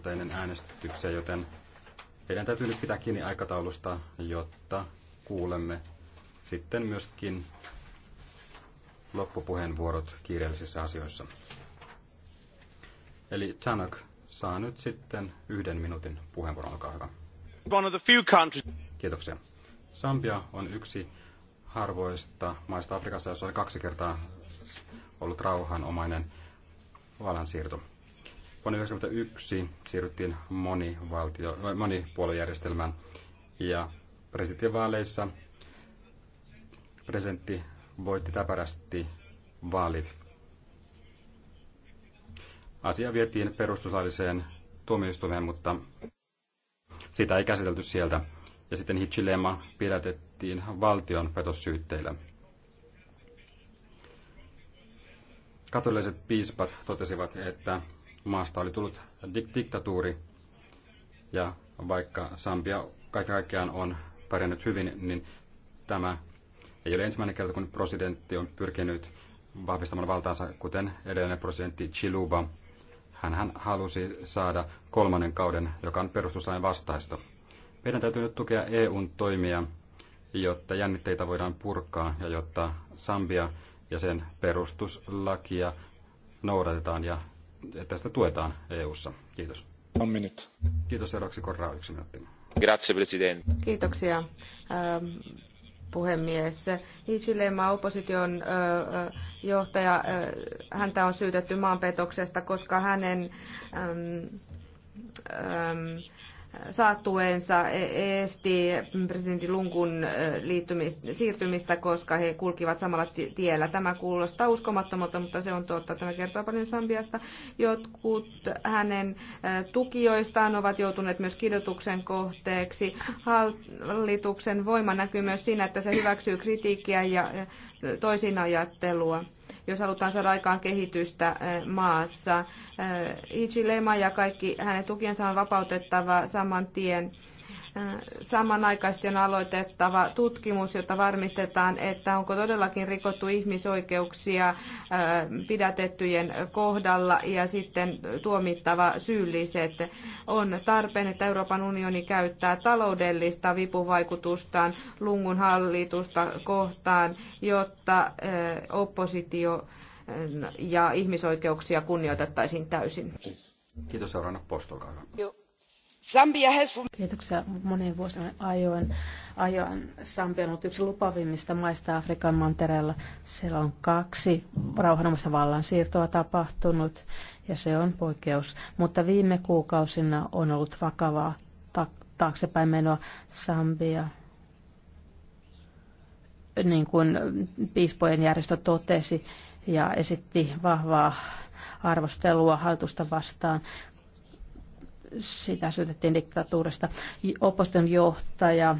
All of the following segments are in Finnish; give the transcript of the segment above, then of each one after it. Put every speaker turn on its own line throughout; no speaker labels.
marraskuuta ennen äänestyksiä, joten meidän täytyy nyt pitää kiinni aikataulusta, jotta kuulemme sitten myöskin loppupuheenvuorot kiireellisissä asioissa. Eli Chanok saa nyt sitten yhden minuutin puheenvuoron, olkaa hyvä.
One of the few countries.
Kiitoksia. Sambia on yksi harvoista maista Afrikassa, jossa on kaksi kertaa ollut rauhanomainen vallansiirto. Vuonna 1991 siirryttiin monivaltio, monipuoluejärjestelmään ja presidentinvaaleissa presidentti voitti täpärästi vaalit. Asia vietiin perustuslailliseen tuomioistuimeen, mutta sitä ei käsitelty sieltä. Ja sitten Hichilema pidätettiin valtion petossyytteillä. Katoliset piispat totesivat, että maasta oli tullut dik- diktatuuri. Ja vaikka Sambia kaiken kaikkiaan on pärjännyt hyvin, niin tämä ei ole ensimmäinen kerta, kun presidentti on pyrkinyt vahvistamaan valtaansa, kuten edellinen presidentti Chiluba. hän halusi saada kolmannen kauden, joka on perustuslain vastaista. Meidän täytyy nyt tukea EUn toimia, jotta jännitteitä voidaan purkaa ja jotta Sambia ja sen perustuslakia noudatetaan ja että sitä tuetaan EU-ssa. Kiitos. On minuutti. Kiitos seuraavaksi Korraa yksi minuutti. Grazie, president.
Kiitoksia, ähm, puhemies. Hichilema, opposition äh, äh, johtaja, äh, häntä on syytetty maanpetoksesta, koska hänen äm, äm, saattuensa e- esti presidentti Lunkun liittymistä, siirtymistä, koska he kulkivat samalla tiellä. Tämä kuulostaa uskomattomalta, mutta se on totta. Tämä kertoo paljon Sambiasta. Jotkut hänen tukijoistaan ovat joutuneet myös kidutuksen kohteeksi. Hallituksen voima näkyy myös siinä, että se hyväksyy kritiikkiä ja toisinajattelua jos halutaan saada aikaan kehitystä eh, maassa. Eh, Ichi Lema ja kaikki hänen tukiensa on vapautettava saman tien Äh, samanaikaisesti on aloitettava tutkimus, jotta varmistetaan, että onko todellakin rikottu ihmisoikeuksia äh, pidätettyjen kohdalla ja sitten tuomittava syylliset. On tarpeen, että Euroopan unioni käyttää taloudellista vipuvaikutustaan lungun hallitusta kohtaan, jotta äh, oppositio ja ihmisoikeuksia kunnioitettaisiin täysin.
Kiitos seuraavana postolkaa.
Sambia has... Kiitoksia monen vuosien ajoin. ajoin. Sambia on ollut yksi lupavimmista maista Afrikan mantereella. Siellä on kaksi rauhanomaista vallansiirtoa tapahtunut ja se on poikkeus. Mutta viime kuukausina on ollut vakavaa ta- taaksepäin menoa Sambia. Niin kuin piispojen järjestö totesi ja esitti vahvaa arvostelua hallitusta vastaan sitä syytettiin diktatuurista. Opposition johtaja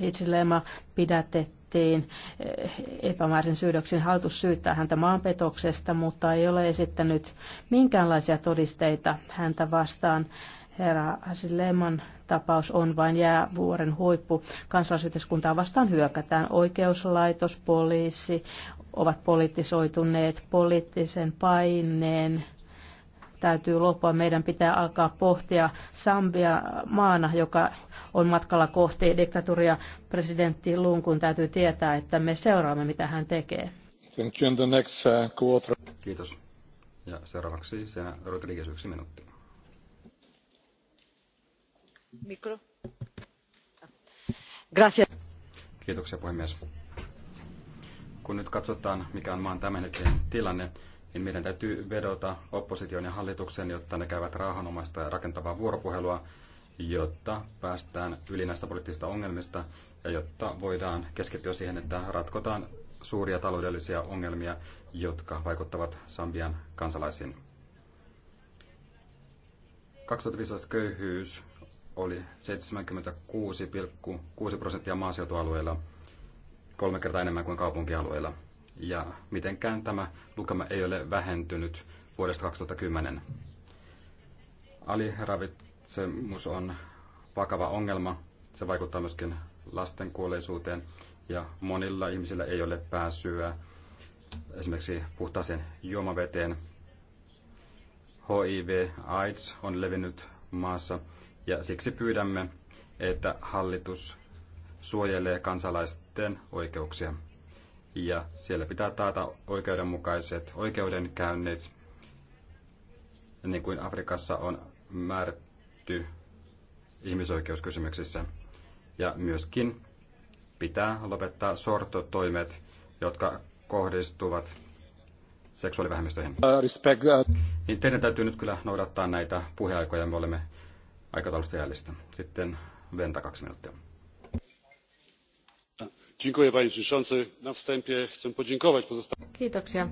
Hitsilema pidätettiin eh, epämääräisen syydöksen. Hallitus syyttää häntä maanpetoksesta, mutta ei ole esittänyt minkäänlaisia todisteita häntä vastaan. Herra Hasileman tapaus on vain jäävuoren huippu. Kansalaisyhteiskuntaa vastaan hyökätään. Oikeuslaitos, poliisi ovat politisoituneet poliittisen paineen täytyy loppua. Meidän pitää alkaa pohtia Sambia maana, joka on matkalla kohti diktatuuria. Presidentti Lunkun täytyy tietää, että me seuraamme, mitä hän tekee.
Thank you. the next, uh, quarter. Kiitos. Ja seuraavaksi Sena Rodriguez yksi minuutti.
Mikro. Gracias.
Kiitoksia puhemies. Kun nyt katsotaan, mikä on maan tämänhetkinen tilanne, niin meidän täytyy vedota opposition ja hallituksen, jotta ne käyvät rauhanomaista ja rakentavaa vuoropuhelua, jotta päästään yli näistä poliittisista ongelmista ja jotta voidaan keskittyä siihen, että ratkotaan suuria taloudellisia ongelmia, jotka vaikuttavat Sambian kansalaisiin. 2015 köyhyys oli 76,6 prosenttia maaseutualueilla, kolme kertaa enemmän kuin kaupunkialueilla – ja mitenkään tämä lukema ei ole vähentynyt vuodesta 2010. Aliravitsemus on vakava ongelma. Se vaikuttaa myöskin lasten kuolleisuuteen ja monilla ihmisillä ei ole pääsyä esimerkiksi puhtaaseen juomaveteen. HIV-AIDS on levinnyt maassa ja siksi pyydämme, että hallitus suojelee kansalaisten oikeuksia ja siellä pitää taata oikeudenmukaiset oikeudenkäynnit, niin kuin Afrikassa on määrätty ihmisoikeuskysymyksissä. Ja myöskin pitää lopettaa sortotoimet, jotka kohdistuvat seksuaalivähemmistöihin. Uh, uh, niin teidän täytyy nyt kyllä noudattaa näitä puheaikoja, me olemme aikataulusta jäljistä. Sitten Venta kaksi minuuttia panie przewodniczący! na wstępie chcę podziękować pozostałym.
kiitoksia.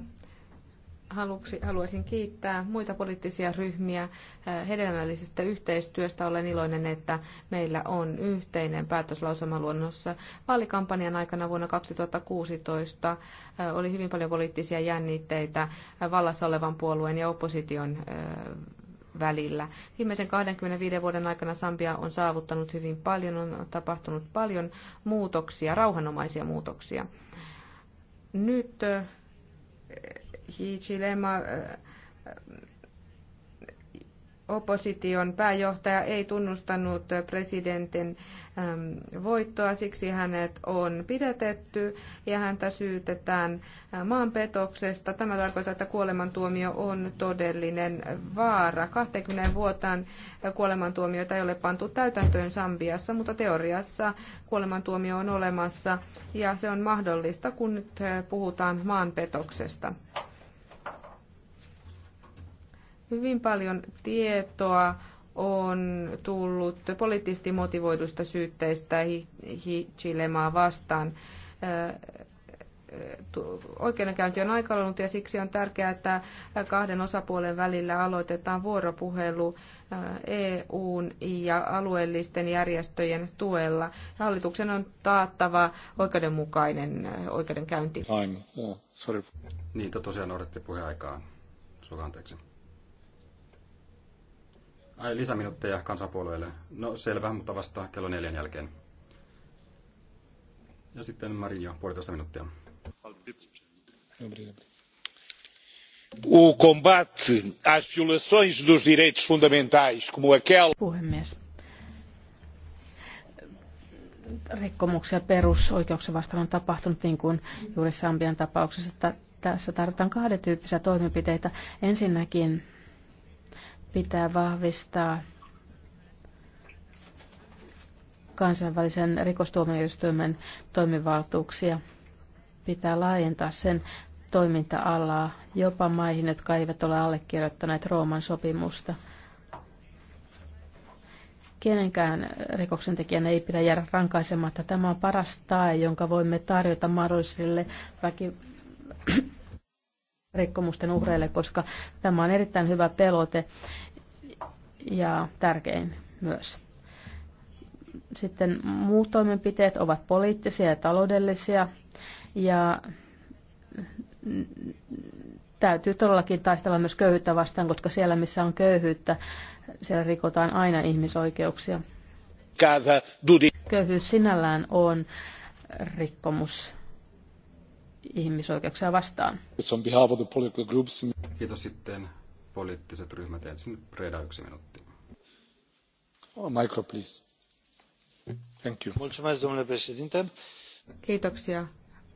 haluaisin kiittää muita poliittisia ryhmiä eh, hedelmällisestä yhteistyöstä. Olen iloinen, että meillä on yhteinen päätöslauselmaluonnos. Vaalikampanjan aikana vuonna 2016 eh, oli hyvin paljon poliittisia jännitteitä eh, vallassa olevan puolueen ja opposition välillä. Viimeisen 25 vuoden aikana Sambia on saavuttanut hyvin paljon, on tapahtunut paljon muutoksia, rauhanomaisia muutoksia. Nyt eh, Hichilema eh, opposition pääjohtaja ei tunnustanut presidentin voittoa, siksi hänet on pidätetty ja häntä syytetään maanpetoksesta. Tämä tarkoittaa, että kuolemantuomio on todellinen vaara. 20 vuotaan kuolemantuomiota ei ole pantu täytäntöön Sambiassa, mutta teoriassa kuolemantuomio on olemassa ja se on mahdollista, kun nyt puhutaan maanpetoksesta. Hyvin paljon tietoa on tullut poliittisesti motivoidusta syytteistä Hichilemaa vastaan. Oikeudenkäynti on aikalannut ja siksi on tärkeää, että kahden osapuolen välillä aloitetaan vuoropuhelu EUn ja alueellisten järjestöjen tuella. Hallituksen on taattava oikeudenmukainen oikeudenkäynti.
Time. Yeah. Sorry. Niin, tosiaan noudatte puheaikaa. Sulla anteeksi.
Ai lisäminuutteja
kansanpuolueelle. No selvä, mutta vasta kello neljän jälkeen. Ja sitten Marinho puolitoista minuuttia.
Puhemies. Rikkomuksia perusoikeuksia vastaan on tapahtunut, niin kuin juuri Sambian tapauksessa. Tässä tarvitaan kahden tyyppisiä toimenpiteitä. Ensinnäkin pitää vahvistaa kansainvälisen rikostuomioistuimen toimivaltuuksia. Pitää laajentaa sen toiminta-alaa jopa maihin, jotka eivät ole allekirjoittaneet Rooman sopimusta. Kenenkään rikoksentekijän ei pidä jäädä rankaisematta. Tämä on paras tae, jonka voimme tarjota mahdollisille väki- rikkomusten uhreille, koska tämä on erittäin hyvä pelote ja tärkein myös. Sitten muut toimenpiteet ovat poliittisia ja taloudellisia ja täytyy todellakin taistella myös köyhyyttä vastaan, koska siellä missä on köyhyyttä, siellä rikotaan aina ihmisoikeuksia. Köyhyys sinällään on rikkomus ihmisoikeuksia vastaan.
Kiitos sitten poliittiset ryhmät. Ensin Reda, yksi minuutti.
Oh, micro, please. Thank you.
Kiitoksia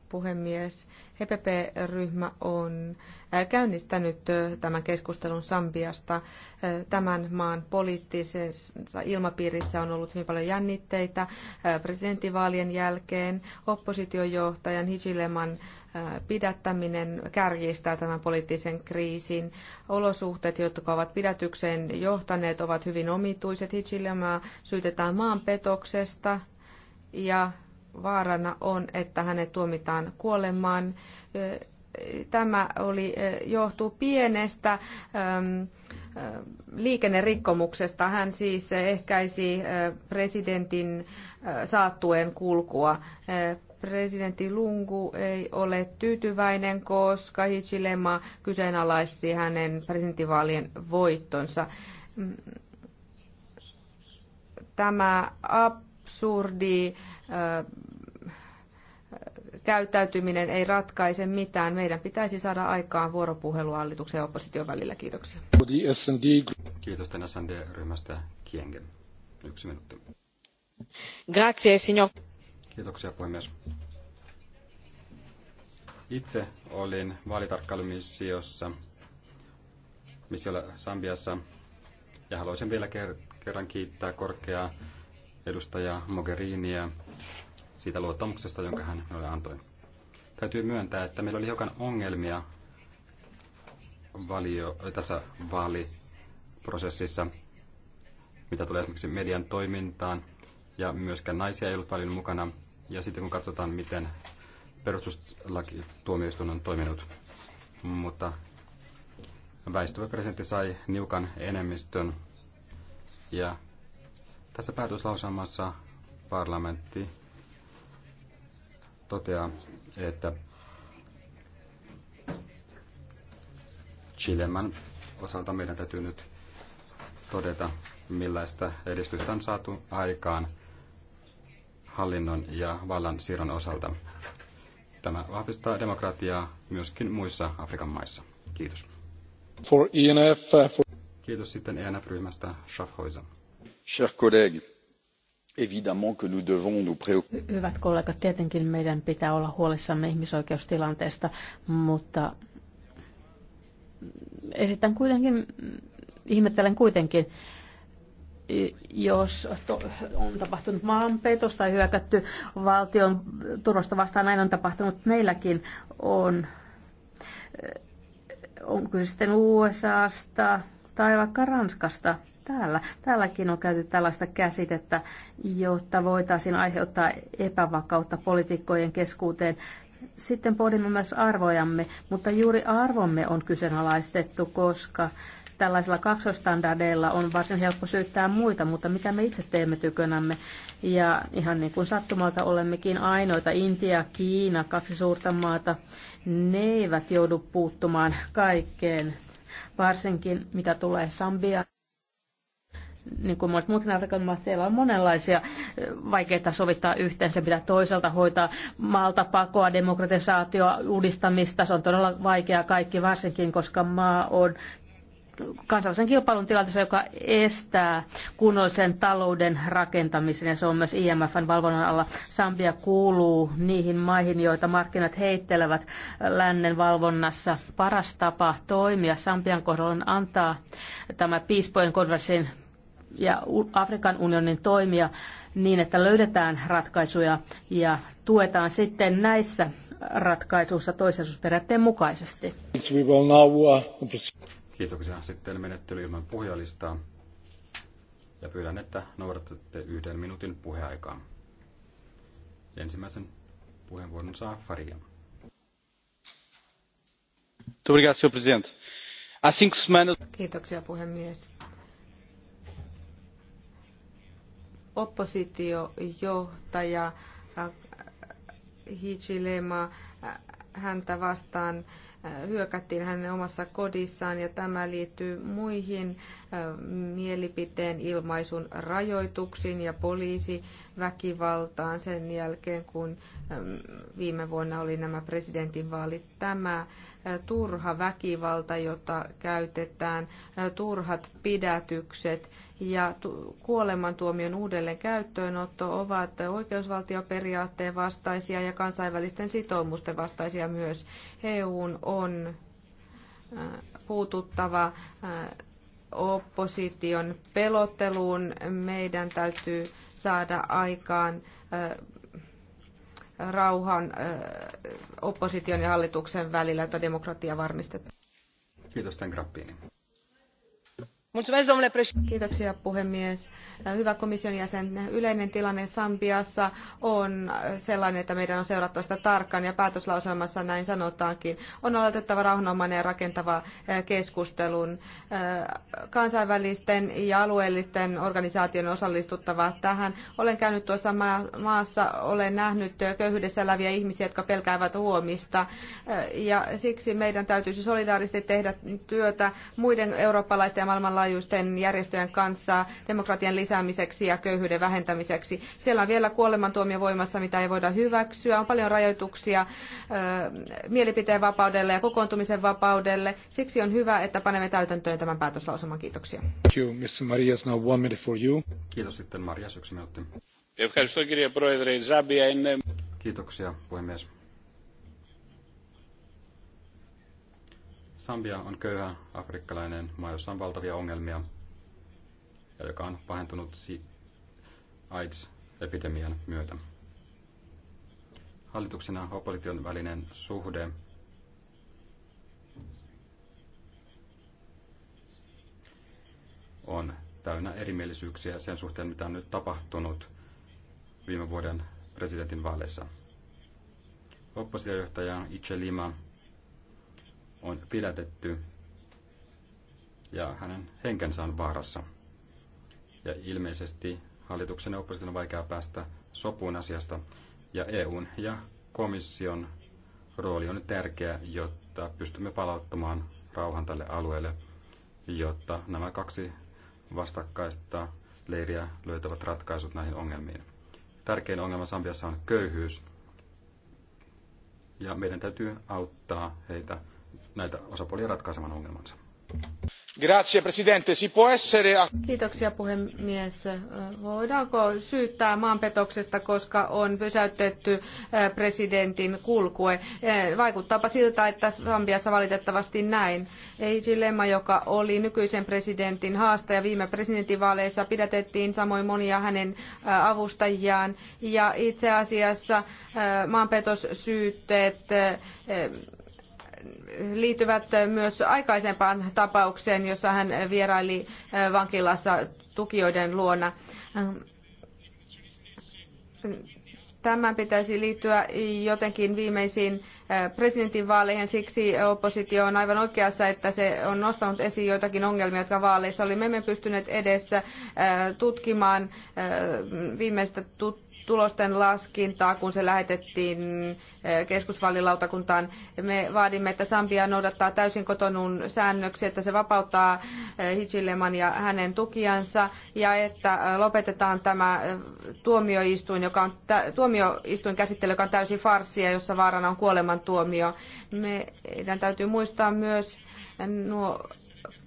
puhemies. HPP-ryhmä e on äh, käynnistänyt äh, tämän keskustelun Sambiasta. Äh, tämän maan poliittisessa ilmapiirissä on ollut hyvin paljon jännitteitä presidentinvaalien jälkeen. Oppositiojohtajan Hichileman pidättäminen kärjistää tämän poliittisen kriisin. Olosuhteet, jotka ovat pidätykseen johtaneet, ovat hyvin omituiset. Hichilemaa syytetään maanpetoksesta ja vaarana on, että hänet tuomitaan kuolemaan. Tämä oli, johtuu pienestä liikennerikkomuksesta. Hän siis ehkäisi presidentin saattuen kulkua. Presidentti Lungu ei ole tyytyväinen, koska Hichilema kyseenalaisti hänen presidentinvaalien voittonsa. Tämä ap absurdi käyttäytyminen ei ratkaise mitään. Meidän pitäisi saada aikaan vuoropuhelu hallituksen ja opposition välillä. Kiitoksia.
Kiitos tänä SND-ryhmästä Kiengen. Yksi minuutti.
Grazie, signor.
Kiitoksia, puhemies. Itse olin vaalitarkkailumissiossa missiolla Sambiassa ja haluaisin vielä kerran kiittää korkeaa edustaja Mogheriniä siitä luottamuksesta, jonka hän meille antoi. Täytyy myöntää, että meillä oli hiukan ongelmia valio, tässä vaaliprosessissa, mitä tulee esimerkiksi median toimintaan, ja myöskään naisia ei ollut paljon mukana. Ja sitten kun katsotaan, miten perustuslaki tuomioistuin on toiminut. Mutta väistyvä presidentti sai niukan enemmistön ja tässä päätöslausamassa parlamentti toteaa, että Chilemän osalta meidän täytyy nyt todeta, millaista edistystä on saatu aikaan hallinnon ja vallan siirron osalta. Tämä vahvistaa demokratiaa myöskin muissa Afrikan maissa. Kiitos. For ENF, for... Kiitos sitten ENF-ryhmästä Schaffhäuser chers collègues évidemment que nous devons nous préoccuper.
Hyvät kollegat, tietenkin meidän pitää olla huolissamme ihmisoikeustilanteesta, mutta esitän kuitenkin, ihmettelen kuitenkin, jos on tapahtunut maanpetos tai hyökätty valtion turvasta vastaan, näin on tapahtunut meilläkin, on, on kyse sitten USAsta tai vaikka Ranskasta – täällä. Täälläkin on käyty tällaista käsitettä, jotta voitaisiin aiheuttaa epävakautta poliitikkojen keskuuteen. Sitten pohdimme myös arvojamme, mutta juuri arvomme on kyseenalaistettu, koska tällaisilla kaksoistandardeilla on varsin helppo syyttää muita, mutta mitä me itse teemme tykönämme. Ja ihan niin kuin sattumalta olemmekin ainoita, Intia, Kiina, kaksi suurta maata, ne eivät joudu puuttumaan kaikkeen, varsinkin mitä tulee Sambiaan niin kuin monet muutkin Afrikan siellä on monenlaisia eh, vaikeita sovittaa yhteen. Se pitää toisaalta hoitaa maalta pakoa, demokratisaatioa, uudistamista. Se on todella vaikeaa kaikki, varsinkin koska maa on kansallisen kilpailun tilanteessa, joka estää kunnollisen talouden rakentamisen, ja se on myös IMFn valvonnan alla. Sambia kuuluu niihin maihin, joita markkinat heittelevät lännen valvonnassa. Paras tapa toimia Sambian kohdalla on antaa tämä piispojen konversin ja Afrikan unionin toimia niin, että löydetään ratkaisuja ja tuetaan sitten näissä ratkaisuissa toisensuusperiaatteen mukaisesti.
Uh,
Kiitoksia. Sitten menettely ilman puhujalistaa. Ja pyydän, että noudatatte yhden minuutin puheaikaa. Ensimmäisen puheenvuoron saa Faria.
Kiitoksia puhemies oppositiojohtaja äh, Hichilema äh, häntä vastaan äh, hyökättiin hänen omassa kodissaan ja tämä liittyy muihin mielipiteen ilmaisun rajoituksiin ja poliisiväkivaltaan sen jälkeen, kun viime vuonna oli nämä presidentinvaalit. Tämä turha väkivalta, jota käytetään, turhat pidätykset ja kuolemantuomion uudelleen käyttöönotto ovat oikeusvaltioperiaatteen vastaisia ja kansainvälisten sitoumusten vastaisia myös. EU on puututtava opposition pelotteluun. Meidän täytyy saada aikaan rauhan opposition ja hallituksen välillä, jota demokratia varmistetaan.
Kiitos, Tengrappiini.
Kiitoksia puhemies. Hyvä komission jäsen, yleinen tilanne Sambiassa on sellainen, että meidän on seurattava sitä tarkkaan ja päätöslauselmassa näin sanotaankin. On aloitettava rauhanomainen ja rakentava eh, keskustelun. Eh, kansainvälisten ja alueellisten organisaatioiden osallistuttava tähän. Olen käynyt tuossa maassa, olen nähnyt köyhyydessä eläviä ihmisiä, jotka pelkäävät huomista. Eh, ja siksi meidän täytyisi solidaarisesti tehdä työtä muiden eurooppalaisten ja maailmanlaajuisten maailmanlaajuisten järjestöjen kanssa demokratian lisäämiseksi ja köyhyyden vähentämiseksi. Siellä on vielä kuolemantuomio voimassa, mitä ei voida hyväksyä. On paljon rajoituksia mielipiteen vapaudelle ja kokoontumisen vapaudelle. Siksi on hyvä, että panemme täytäntöön tämän päätöslausuman. Kiitoksia.
Thank you, one minute
for you. Kiitos sitten Marias, yksi minuutti. Kiitoksia puhemies. Sambia on köyhä afrikkalainen maa, jossa on valtavia ongelmia ja joka on pahentunut AIDS-epidemian myötä. Hallituksen ja opposition välinen suhde on täynnä erimielisyyksiä sen suhteen, mitä on nyt tapahtunut viime vuoden presidentin vaaleissa. Oppositiojohtaja Itse Lima on pidätetty ja hänen henkensä on vaarassa. Ja ilmeisesti hallituksen ja opposition on vaikea päästä sopuun asiasta. Ja EUn ja komission rooli on tärkeä, jotta pystymme palauttamaan rauhan tälle alueelle, jotta nämä kaksi vastakkaista leiriä löytävät ratkaisut näihin ongelmiin. Tärkein ongelma Sambiassa on köyhyys, ja meidän täytyy auttaa heitä näitä osapuolia ratkaisemaan ongelmansa. Grazie, presidente. Si può essere...
Kiitoksia puhemies. Voidaanko syyttää maanpetoksesta, koska on pysäytetty eh, presidentin kulkue? Eh, vaikuttaapa siltä, että Sambiassa valitettavasti näin. Eiji Lemma, joka oli nykyisen presidentin haastaja viime presidentinvaaleissa, pidätettiin samoin monia hänen eh, avustajiaan. Ja itse asiassa maanpetossyytteet liittyvät myös aikaisempaan tapaukseen, jossa hän vieraili vankilassa tukijoiden luona. Tämän pitäisi liittyä jotenkin viimeisiin presidentinvaaleihin. Siksi oppositio on aivan oikeassa, että se on nostanut esiin joitakin ongelmia, jotka vaaleissa oli. Me emme pystyneet edessä tutkimaan viimeistä tut- tulosten laskintaa, kun se lähetettiin eh, keskusvaalilautakuntaan. Me vaadimme, että Sambia noudattaa täysin kotonun säännöksiä, että se vapauttaa eh, Hichileman ja hänen tukiansa ja että eh, lopetetaan tämä tuomioistuin, joka on, tuomioistuin käsittely, joka on täysin farssia, jossa vaarana on kuolemantuomio. Meidän täytyy muistaa myös nuo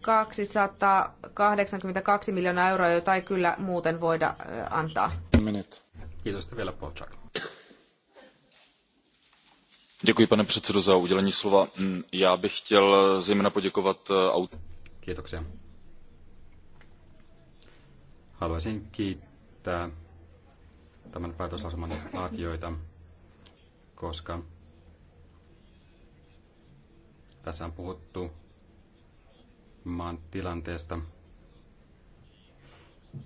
282 miljoonaa euroa, jota ei kyllä muuten voida antaa.
Minute. Kiitos vielä Děkuji, pane předsedo, za udělení slova. Mm, já bych chtěl eh, zejména poděkovat eh, aut... Kiitoksia. Haluaisin kiittää tämän päätöslausuman koska tässä on puhuttu maan tilanteesta –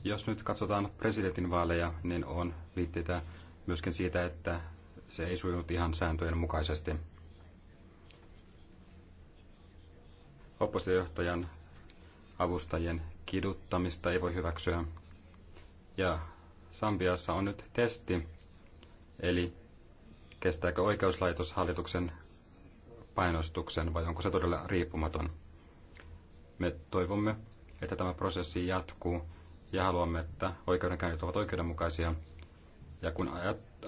jos nyt katsotaan presidentinvaaleja, niin on viitteitä myöskin siitä, että se ei sujunut ihan sääntöjen mukaisesti. Oppositiojohtajan avustajien kiduttamista ei voi hyväksyä. Ja Sambiassa on nyt testi, eli kestääkö oikeuslaitos hallituksen painostuksen vai onko se todella riippumaton. Me toivomme, että tämä prosessi jatkuu ja haluamme, että oikeudenkäynnit ovat oikeudenmukaisia. Ja kun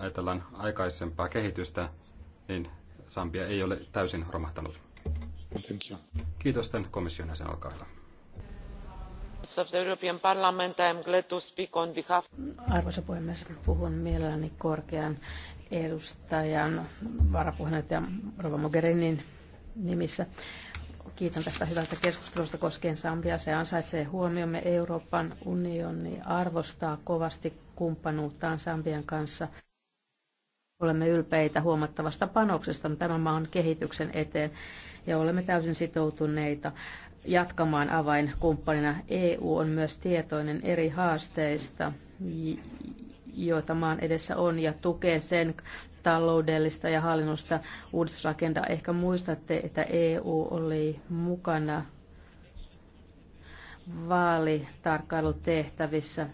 ajatellaan aikaisempaa kehitystä, niin Sambia ei ole täysin romahtanut. Kiitos tämän komission jäsen, olkaa hyvä.
Arvoisa puhemies, puhun mielelläni korkean edustajan varapuheenjohtajan Rova Mogherinin nimissä kiitän tästä hyvästä keskustelusta koskien Sambia. Se ansaitsee huomiomme. Euroopan unioni arvostaa kovasti kumppanuuttaan Sambian kanssa. Olemme ylpeitä huomattavasta panoksesta tämän maan kehityksen eteen ja olemme täysin sitoutuneita jatkamaan avainkumppanina. EU on myös tietoinen eri haasteista, joita maan edessä on, ja tukee sen taloudellista ja hallinnosta uudistusagendaa. Ehkä muistatte, että EU oli mukana vaalitarkkailutehtävissä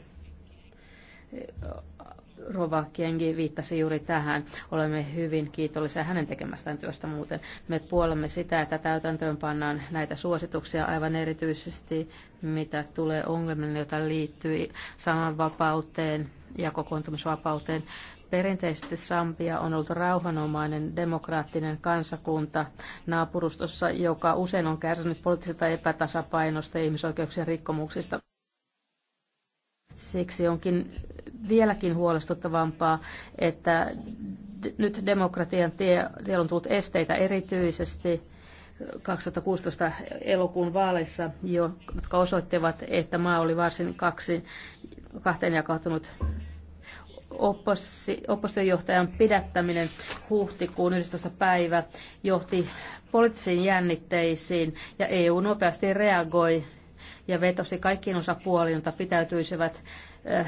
Rova Kengi viittasi juuri tähän. Olemme hyvin kiitollisia hänen tekemästään työstä muuten. Me puolemme sitä, että täytäntöön pannaan näitä suosituksia aivan erityisesti, mitä tulee ongelmille, joita liittyy sananvapauteen ja kokoontumisvapauteen. Perinteisesti Sambia on ollut rauhanomainen demokraattinen kansakunta naapurustossa, joka usein on kärsinyt poliittisesta epätasapainosta ja ihmisoikeuksien rikkomuksista. Siksi onkin vieläkin huolestuttavampaa, että nyt demokratian tie, tie on tullut esteitä erityisesti 2016 elokuun vaaleissa, jotka osoittivat, että maa oli varsin kaksi, kahteen jakautunut Opposi, oppositiojohtajan pidättäminen huhtikuun 11. päivä johti poliittisiin jännitteisiin ja EU nopeasti reagoi ja vetosi kaikkiin osapuoliin, jotka pitäytyisivät Eh,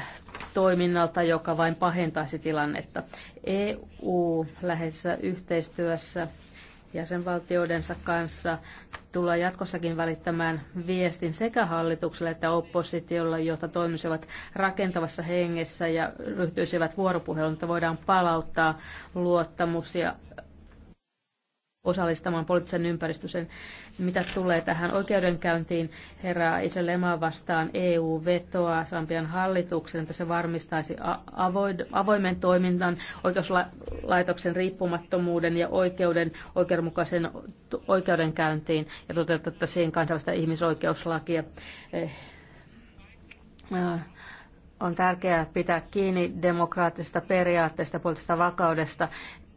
toiminnalta, joka vain pahentaisi tilannetta. EU läheisessä yhteistyössä jäsenvaltioidensa kanssa tulee jatkossakin välittämään viestin sekä hallitukselle että oppositiolle, jotta toimisivat rakentavassa hengessä ja ryhtyisivät vuoropuheluun, että voidaan palauttaa luottamus ja osallistamaan poliittisen ympäristön, mitä tulee tähän oikeudenkäyntiin herra Iselemaa vastaan EU vetoaa Sambian hallituksen, että se varmistaisi avoimen toiminnan, oikeuslaitoksen riippumattomuuden ja oikeuden oikeudenmukaisen oikeudenkäyntiin ja toteutettaisiin kansainvälistä ihmisoikeuslakia. Eh, ah, on tärkeää pitää kiinni demokraattisesta periaatteesta, poliittisesta vakaudesta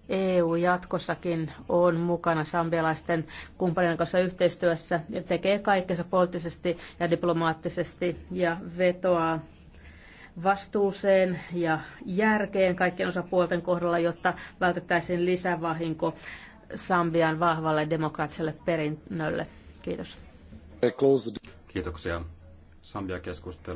EU jatkossakin on mukana sambialaisten kumppanien kanssa yhteistyössä ja tekee kaikkensa poliittisesti ja diplomaattisesti ja vetoaa vastuuseen ja järkeen kaikkien osapuolten kohdalla, jotta vältettäisiin lisävahinko Sambian vahvalle demokraattiselle perinnölle. Kiitos.
Kiitoksia. Sambia-keskustelu